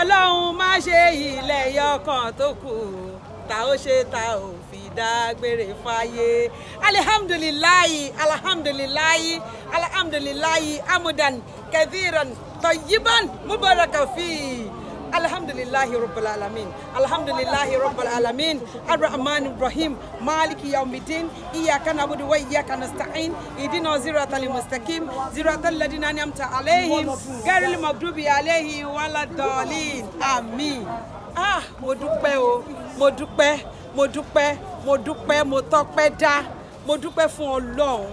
ọlọ́run má ṣe ilẹ̀ yọkàn tó kù tá ó ṣe tá ò fi dágbére fáyé alihamdulilayi alihamdulilayi alihamdulilayi amudan kẹfìrán tọyíbọn mubarakafi alhamdulillahi rabbil alamin alhamdulillahi rabbil alamin arrahman rahim maliki yawmiddin iyyaka na'budu wa iyyaka nasta'in ihdina siratal mustaqim siratal ladzina an'amta alaihim ghairil maghdubi alaihim waladdallin amin ah mo dúpẹ́ o mo dúpẹ́ mo dúpẹ́ mo dúpẹ́ mo tọ́pẹ́ dá mo dúpẹ́ fún Ọlọ́run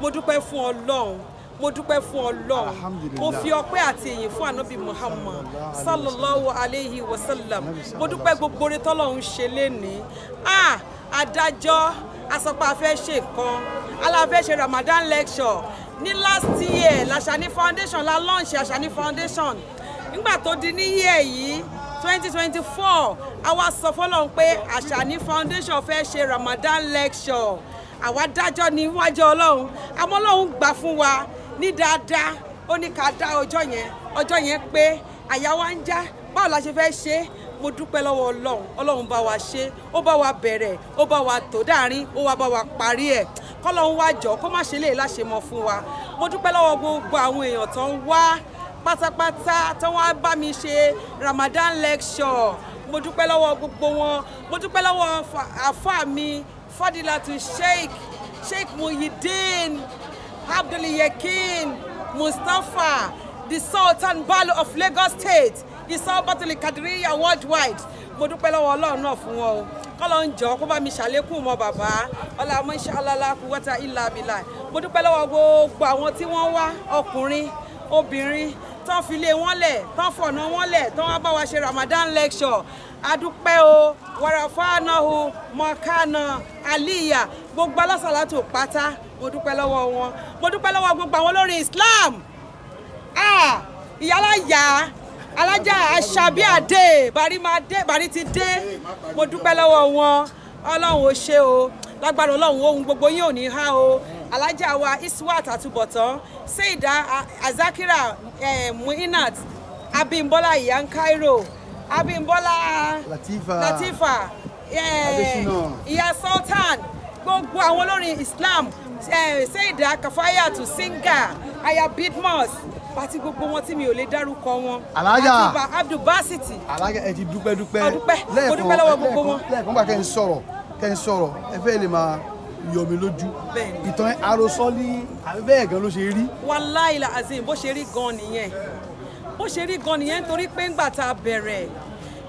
mo dúpẹ́ fún Ọlọ́run mo dúpẹ́ fún ọlọ́run mo fi ọpẹ́ àti èyìn fún ànábì muhammad sallallahu alayhi wa sallam mo dúpẹ́ gbogbo oore tọ́lọ́run ṣe lénìí ah adájọ́ asọ́pá fẹ́ ṣe kan aláfẹ́ ṣe ramadan lecture ní last year làṣàní foundation la launch àṣàní foundation nígbà tó di ní year yìí twenty twenty four àwa sọ fọlọ́run pé àṣàní foundation fẹ́ ṣe ramadan lecture àwa dájọ́ níwájú ọlọ́run àmọ́ ọlọ́run gbà fún wa ní dáadáa ó ní ká dá ọjọ́ yẹn ọjọ́ yẹn pé àyà wa ń já báwo la ṣe fẹ́ ṣe mo dúpẹ́ lọ́wọ́ ọlọ́run ọlọ́run bá wa ṣe ó bá wa bẹ̀rẹ̀ ó bá wa tó dáàrin ó wá bá wa parí ẹ̀ kọ́lọ́run wá jọ kó má ṣe lè láṣemọ fún wa mo dúpẹ́ lọ́wọ́ gbogbo àwọn èèyàn tó ń wá pátápátá tó wá bá mi ṣe Ramadan lecture mo dúpẹ́ lọ́wọ́ gbogbo wọn mo dúpẹ́ lọ́wọ́ àfa mi Fadilatu Sheikh Sheikh Muyideen Abdul Yekin Mustafa, the Sultan Balu of Lagos State, the Sultan Balu Kadiriya worldwide. Mo dúpẹ́ lọ́wọ́ Ọlọ́run náà fún wọn o. Kọ́lọ̀ ń jọ kó bá mi ṣàlékún mọ bàbá. Ọlá mo ń ṣe alálàkú wọ́tà ìlà àbílà. Mo dúpẹ́ lọ́wọ́ gbogbo àwọn tí wọ́n wá ọkùnrin, obìnrin, tán fi lé wọn lẹ̀, tán fọ̀nà wọn lẹ̀, tán wá bá wa ṣe Ramadan lecture. Adúpẹ́ o, wàràfáànà o, mọ̀kánà, àlíyà gbogbo alásàlátù pátá mo dúpẹ́ lọ́wọ́ wọn mo dúpẹ́ lọ́wọ́ gbogbo àwọn olórin Islam ìyálàyà alájà àṣàbí àdè bàrí ti dé mo dúpẹ́ lọ́wọ́ wọn ọlọ́run ò ṣe o lágbára ọlọ́run ohun gbogbo yín ò ní há o alájà wa Iswat àtúbọ̀tán Seida Azakira eh, Muinat Abímbọ́lá iyan Cairo Abímbọ́lá Latifa eh, Ìyá Sultan gbogbo àwọn olórin Islam eh, Seida Kafayat Singer Aya Bidmus àti gbogbo wọn tí mi ò lè dárúkọ wọn. alájà abdulbasiti. alájà ẹ ti dúpẹ́ dúpẹ́. ọdúpẹ́ ọdúpẹ́ lọ́wọ́ gbogbo wọn. lẹ́ẹ̀kan gbà kẹ́ ń sọ̀rọ̀ kẹ́ ń sọ̀rọ̀ ẹ fẹ́ lè máa yọ mi lójú. ìtàn àròsọ ní abẹ́ẹ̀ gan ló ṣe rí. wàláì làzim bó ṣe rí gan nìyẹn bó ṣe rí gan nìyẹn nítorí pé ńgbà tá a bẹ̀rẹ̀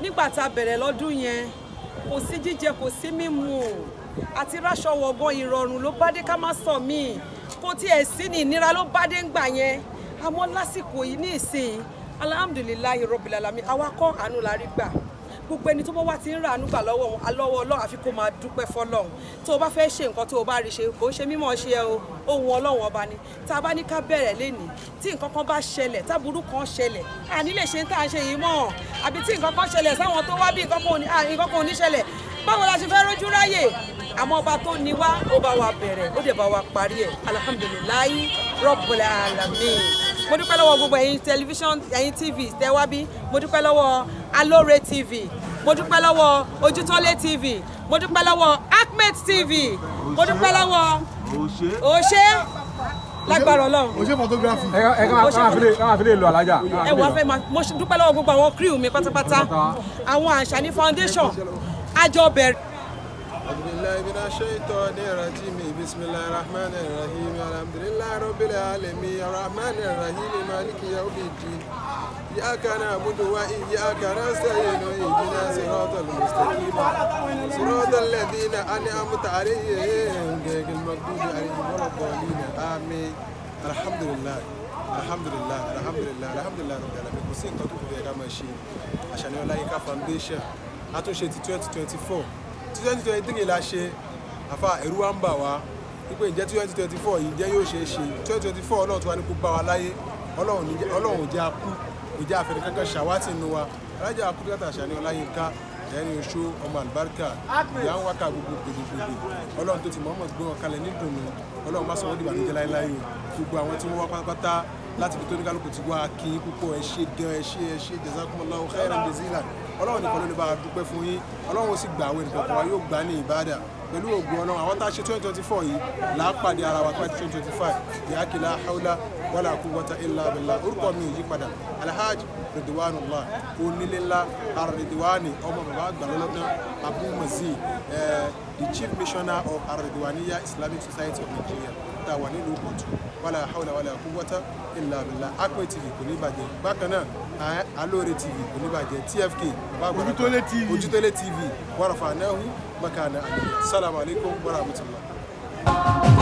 nígbà tá a bẹ̀rẹ̀ lọ́dún yẹn kò sí jíjẹ kò sí mímu o àti ráṣọ wọ̀gán ìrọ̀rùn ló bá dé ká má sọ míì kó tiẹ̀ sí ní ìnira ló bá dé ń gbà yẹn àmọ́ lásìkò yìí ní ìsìn alhamdulilayi rabbil alamin àwa kọ́ àánú la rí gbà gbogbo ẹni tó bá wá ti ń ràánú gbà lọ́wọ́ alọ́wọ́ ọlọ́run àfi kó máa dúpẹ́ fọlọ́run tó o bá fẹ́ ṣe nǹkan tó o bá rí ṣe kò ń ṣe mímọ́ ṣe o ohun ọlọ́run ọba ni tá a bá ní ká bẹ̀rẹ̀ lénìí tí nǹkan kan bá ṣẹlẹ̀ táburú kan ṣẹlẹ̀ àní lè ṣe ń tà ṣe yìí mọ́ àbí tí nǹkan kan ṣẹlẹ̀ sáwọn tó wá bí nǹkan kan ò ní ṣẹlẹ̀ báwo la ṣe fẹ́ rojú ráyè àmọ́ ọba tó ní wá ó bá wa bẹ̀rẹ̀ ó dẹ̀ bá wa parí ẹ̀ alhamdulilayi rọ́bùlẹ̀ alamin mo dúpẹ́ lọ́wọ́ gbogbo ẹ̀yin tẹlifíṣọ̀n ẹ̀yin tv tẹ́wá bí mo dúpẹ́ lọ́wọ́ alóore tv mo dúpẹ́ lọ́wọ́ ojútọ́lé tv mo dúpẹ́ lọ́wọ́ acmet tv mo dúpẹ́ lọ́wọ́ òṣè lágbára Ọlọ́run. o ṣe photography. ẹ ká máa fi lè lo alájà. ẹ wà á fẹ́ máa mo dúpẹ́ lọ́wọ́ gbogbo àwọn crew mi pátápátá àwọn àṣàní foundation a jọ bẹ̀rẹ̀. أعوذ بالله من الشيطان الرجيم بسم الله الرحمن الرحيم الحمد لله رب العالمين الرحمن الرحيم مالك يوم الدين إياك نعبد وإياك نستعين اهدنا صراط المستقيم صراط الذين أنعمت عليهم غير المغضوب عليهم ولا الضالين آمين الحمد لله الحمد لله الحمد لله الحمد لله رب العالمين kò sí nǹkan tó kù yẹ ká máa ṣe àṣàní ọláyínká foundation àtúnṣe ti twenty twenty four ti twenty twenty three la ṣe àfa ẹ̀rú wa ń bà wá wípé ìjẹ́ twenty twenty four yìí jẹ́ yóò ṣe é ṣe twenty twenty four ọlọ́run tó wá ní kó bá wa láyé ọlọ́run ò jẹ́ akú ò jẹ́ àfẹ́rẹ́ kankan ṣàwátì nu wa alájà akúndàtà ṣàní ọláyínká ẹni oṣù ọmọ àlùbáríkà ìyá ń wákà gbogbo gbogbo ọlọ́run tó ti mọ̀ọ́mọ̀ gbé wọn kalẹ̀ nídùnnú ọlọ́run má sọ wọ́n dìbò àdéjẹ́ láéláé gbogbo àwọn tí wọ́n wá pátápátá láti fi tóníkálukú ti wá kí púpọ̀ ẹ ṣé gan ẹ ṣé ẹ ṣé jazakumullahu khairan jazilan ọlọ́run nìkan ló lè bá a dúpẹ́ fún yín ọlọ́run ó sì gbà àwọn ènìyàn kan wa yóò gbà ní ìbádà pẹ̀lú ògùn ọlọ́run àwọn tá a ṣe twenty twenty four yìí là á pàdé ara wa pàdé twenty twenty five ìyáàkìlá haúlá wàlà quwwata illa billah orúkọ mi yìí padà alhaji ridwanullah onílélá aridwani ọmọ bàbá àgbàlọ́lọ́dún abu mazi eh, the chief missioner of aridwaniya islamic society of nigeria tá a wà nílùú kóòtù wàlà haúlà wàlà quwwata illa billah Akpè TV kò ní bàjẹ́ bákan náà alóore tv kò ní bàjẹ́ tfk ojútólé tv ojútólé tv wàràfà náà mọ̀kànà àgbẹ̀ sálàmù alaykum wa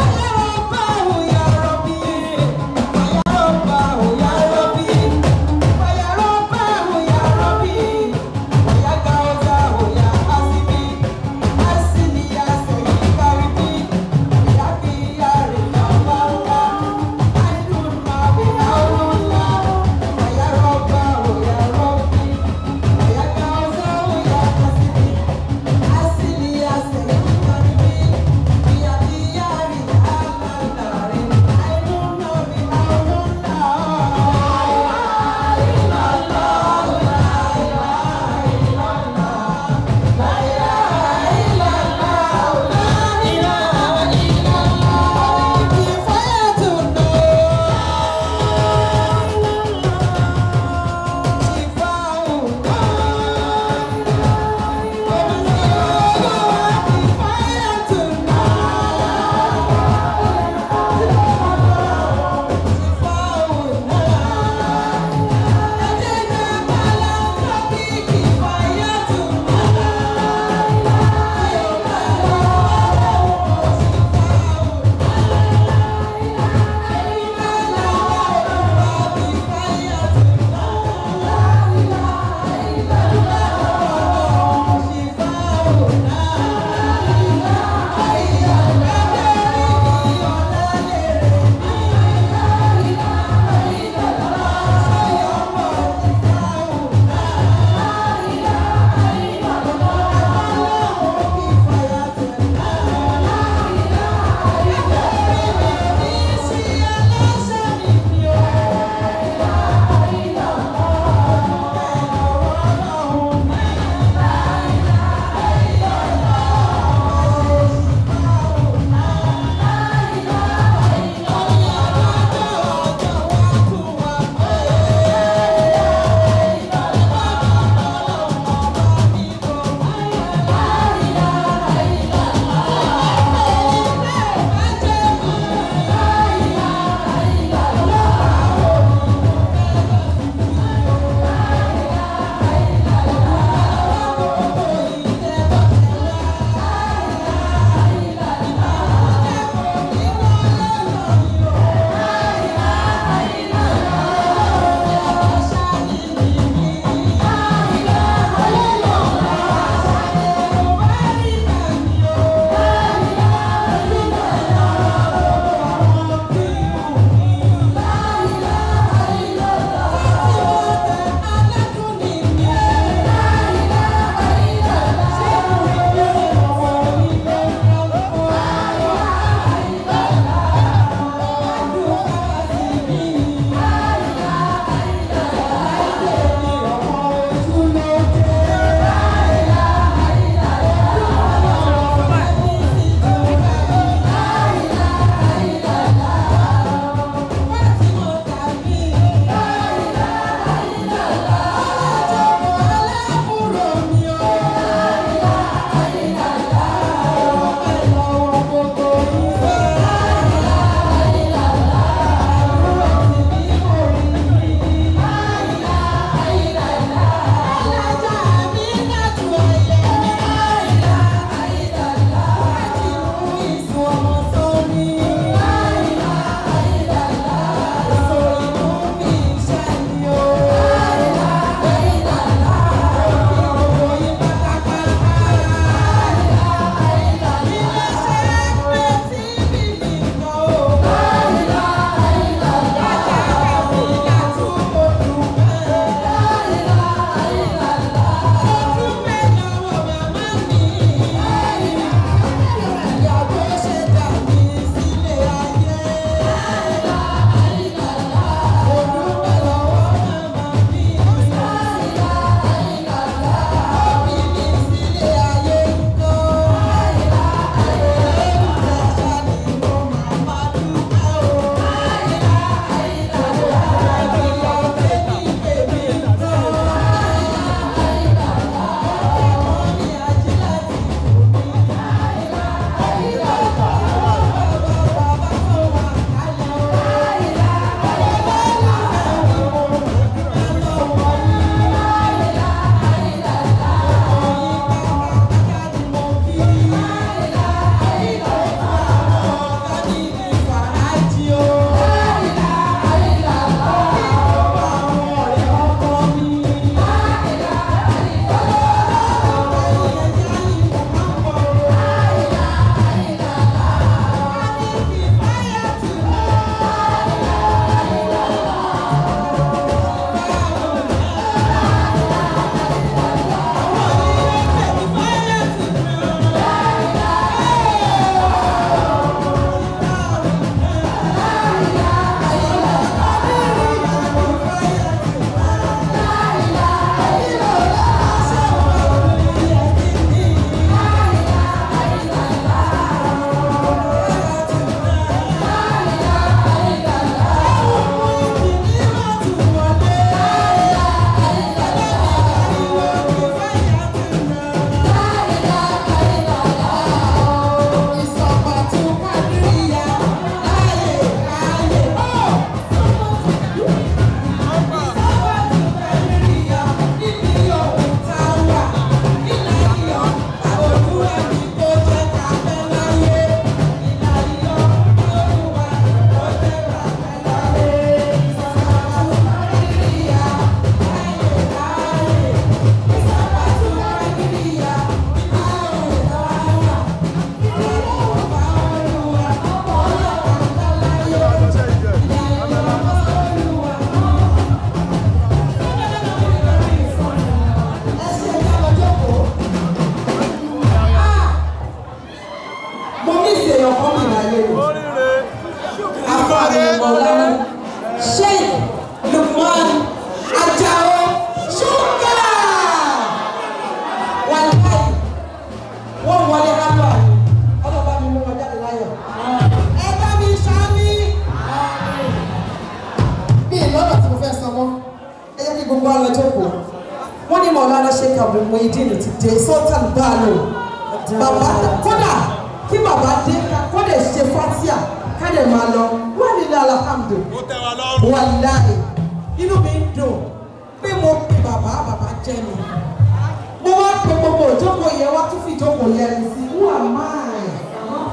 ọ̀bẹ Muyideen ti dé Sultan Bello bàbá kódà kí bàbá dé kó lè ṣe fatia ká lè máa lọ wọ́n nílé alahamdu wàláhì inú mi ń dùn pé mo pe bàbá bàbá jẹ́ mi mo wá pe gbogbo ìjókòó yẹn wá tún fi ìjókòó yẹn sí wà máa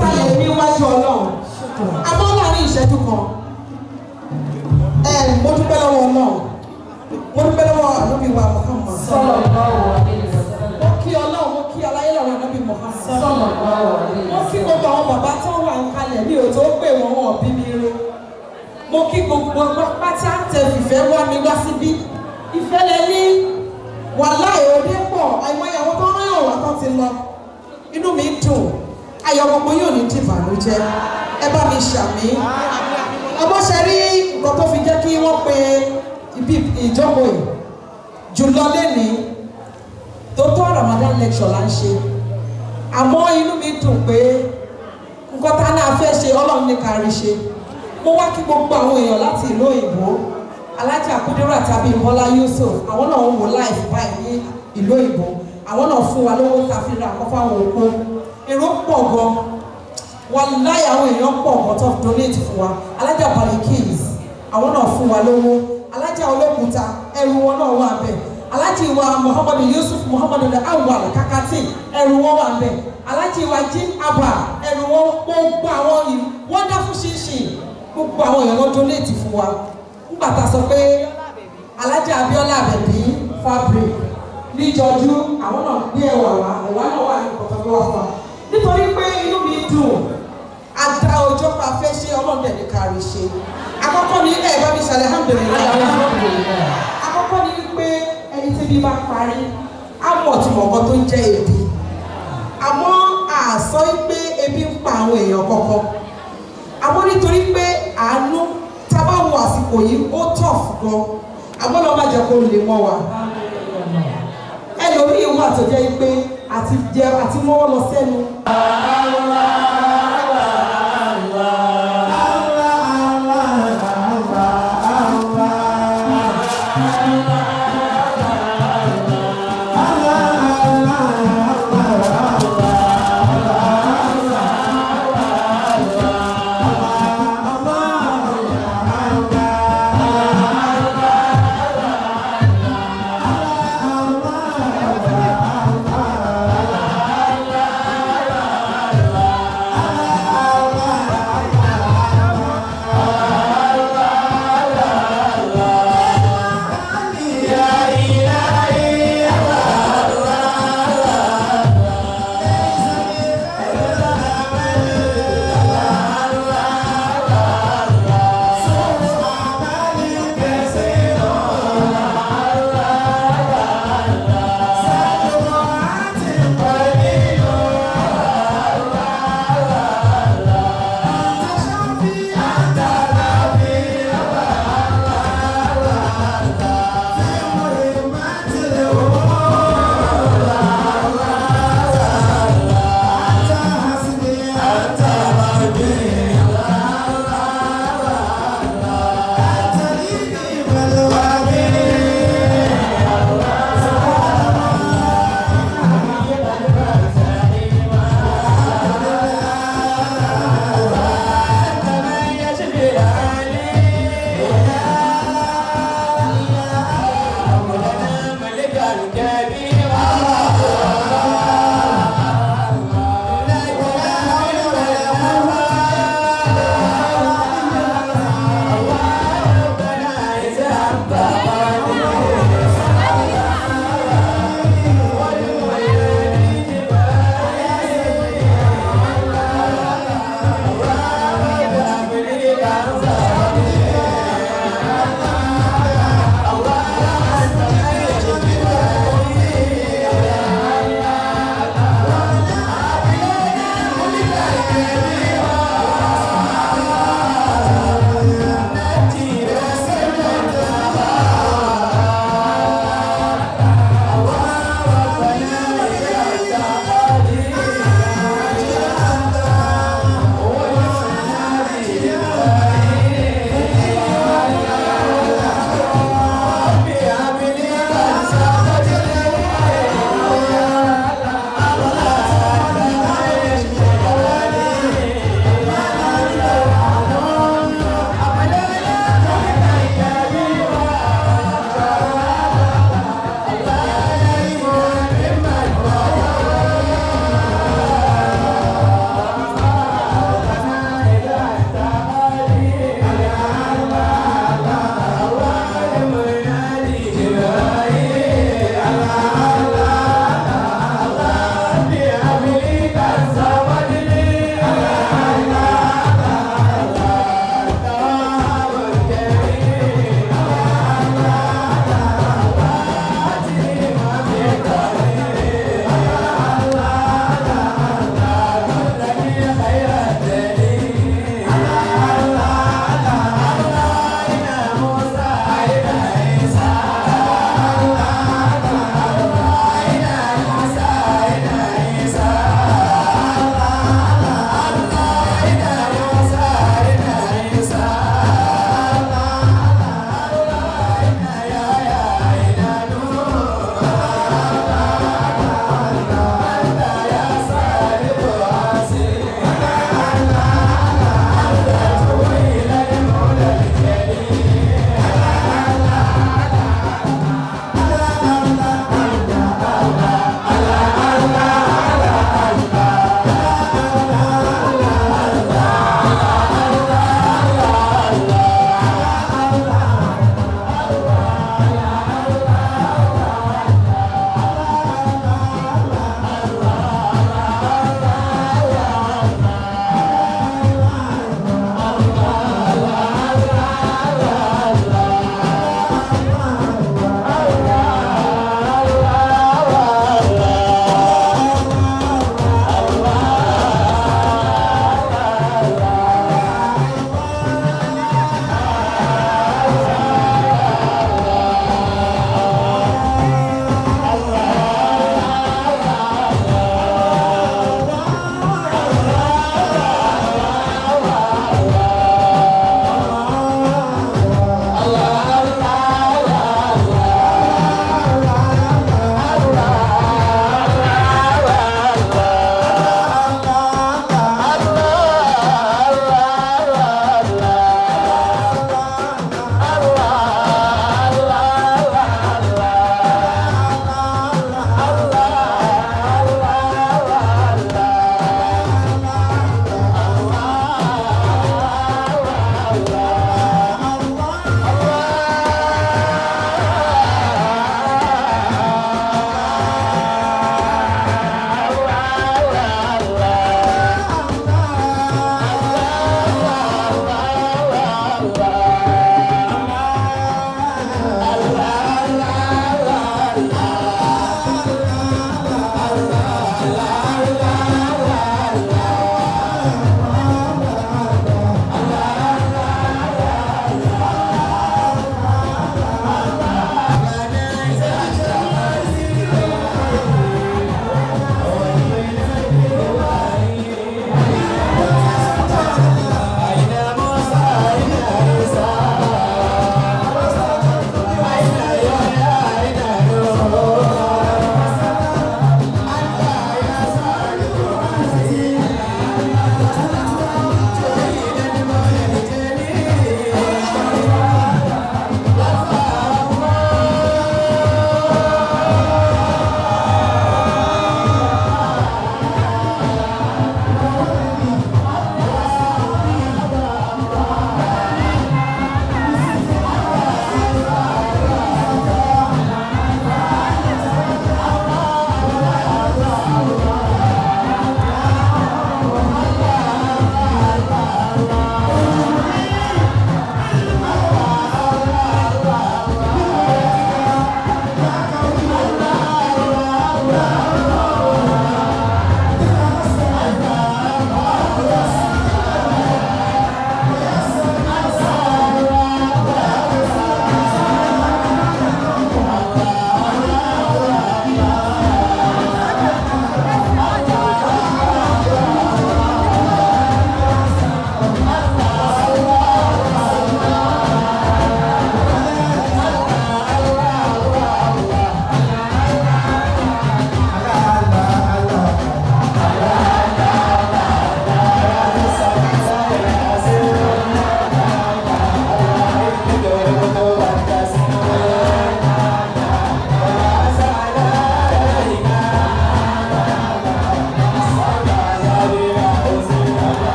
sáyẹn níwájú ọlọ́run àmọ́ láàrin ìṣẹ́jú kan ẹ̀ mo dúpẹ́ lọ́wọ́ náà mo dúpẹ́ lọ́wọ́ ànábì wa Muhammad. sallallahu alaihi wasallam. mo kí ọlọ́run mo kí aláyé lọ́wọ́ ànábì Muhammad. sallallahu alaihi wasallam. mo kí gbogbo àwọn bàbá tó wà ń kalẹ̀ mi ò tó pè wọ́n wọ̀ bí mi ro. mo kí gbogbo ọgbọ́n pátá tẹ fìfẹ́ wá mi wá síbí. ìfẹ́ lẹ ní wàláì òde pọ̀ àìmọye àwọn tó rán ìrànwọ́ kan ti lọ. inú mi dùn ayọ̀ gbogbo yóò ní dìbànújẹ́ ẹ bá mi ṣàmì. ọmọ ṣe rí nǹkan tó fi jẹ́ kí wọ́n pe ibi ìjókòó yìí jùlọ lẹ́nìí tó tó Ramadan lecture là ń ṣe àmọ́ inú mi dùn pé nǹkan tá náà fẹ́ ṣe ọlọ́run ní kárí ṣe mo wá kí gbogbo àwọn èèyàn láti ìlú òyìnbó alájà Kudirat Abímbọ́lá Yusuf àwọn náà ń wò láìsí báyìí ní ìlú òyìnbó àwọn náà fún wa lówó tá a fi ra àkọ́fà àwọn òkú èrò pọ̀ gan wà láyà àwọn èèyàn pọ̀ gan tó donate fún wa alájà Baliki àwọn náà fún wa lówó olókùúta ẹrù wọn náà wà bẹ́ẹ̀ alájí wa muhammadu yusuf muhammadu awal kakati ẹrù wọn wà bẹ́ẹ̀ alájí wa jim abba ẹrù wọn gbogbo àwọn yìí wonderful ṣinṣin gbogbo àwọn èèyàn ló donate fún wa nígbà tá a sọ pé alájí abiola abẹbí fabric níjọjú àwọn náà gbé ẹwà wá ẹwà náà wà ní ìkọ̀tọ̀ lọ́wọ́ fún wa nítorí pé inú mi dùn ada ọjọ́ pa fẹ́ ṣe ọlọ́dẹ̀ ní kárí ṣe àkọ́kọ́ ni ẹ bá mi ṣàlẹ̀ hàn bẹ̀rẹ̀ lọ́wọ́ bí bá parí á mọ̀ tí mọ̀kọ́ tó ń jẹ́ ebi àmọ́ àsọ pé ebi ń pa àwọn èèyàn kọ̀ọ̀kan àmọ́ nítorí pé àánú tábà wo àsìkò yìí ó tọ̀ fún gan àmọ́ lọ́ọ́ má jẹ́ kó lè mọ́ wa ẹlòmíì wà tó jẹ́ pé àti jẹ àti mọ́wọ́ lọ sẹ́nu.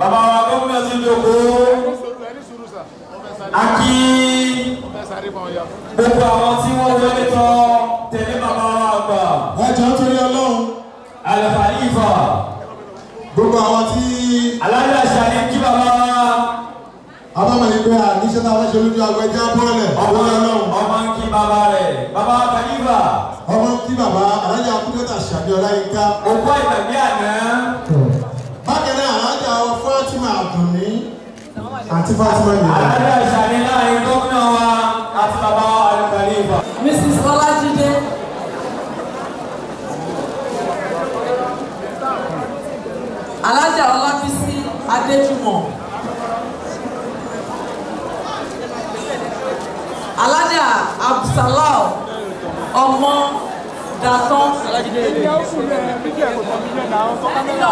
bàbá wa gómìnà sí ìjòkó a kí gbogbo àwọn tí wọ́n wọlé tọ́ tẹ̀lé bàbá wa àgbà. ẹ jọ torí Ọlọ́run. àlàfà ìfà. gbogbo àwọn tí. alájà ṣàlẹ kí bàbá wa. abámọ̀ yìí pé àníṣe náà wáṣẹ olójú àgbẹ̀ jẹ́ bọ́ọ̀lẹ̀. ọmọ ọmọ ń kí bàbá rẹ̀ bàbá kàlífà. ọmọ ń kí bàbá alájà kúndẹ́tà ṣàbí ọláyínká. òkú àìgbàgbé àná. àti Fatima yìí. àlàyé ìṣàlẹ̀ láàrin gómìnà wa àti bàbá wa àlùkàlẹ̀ ìbà. Mrs. Ọlájídé. Alájà Ọlábísí Adéjùmọ̀. Alájà Absalal ọmọ datan. Ẹni ọ̀sùn rẹ̀ fídíò ẹ̀kọ́ tó ń bí jẹ́ náà fọ́nkámẹ́rà.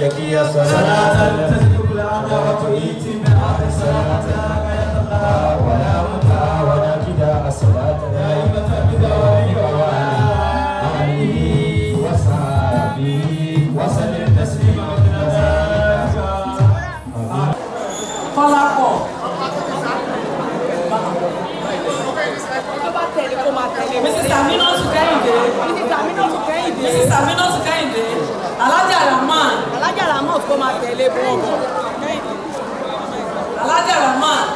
شكي صلاة تسلك الأمارة إيتم أهل صلاة لا ولا متى ولا كدا الصلاة دائمة بدوري وعلي وصحبه وسلم تسليما Fọlápọ̀ mísísà mínọ́tù kẹ́hìndé mísísà mínọ́tù kẹ́hìndé mísísà mínọ́tù kẹ́hìndé kó máa tẹ̀lé bọ́ọ̀bù. alájà rahman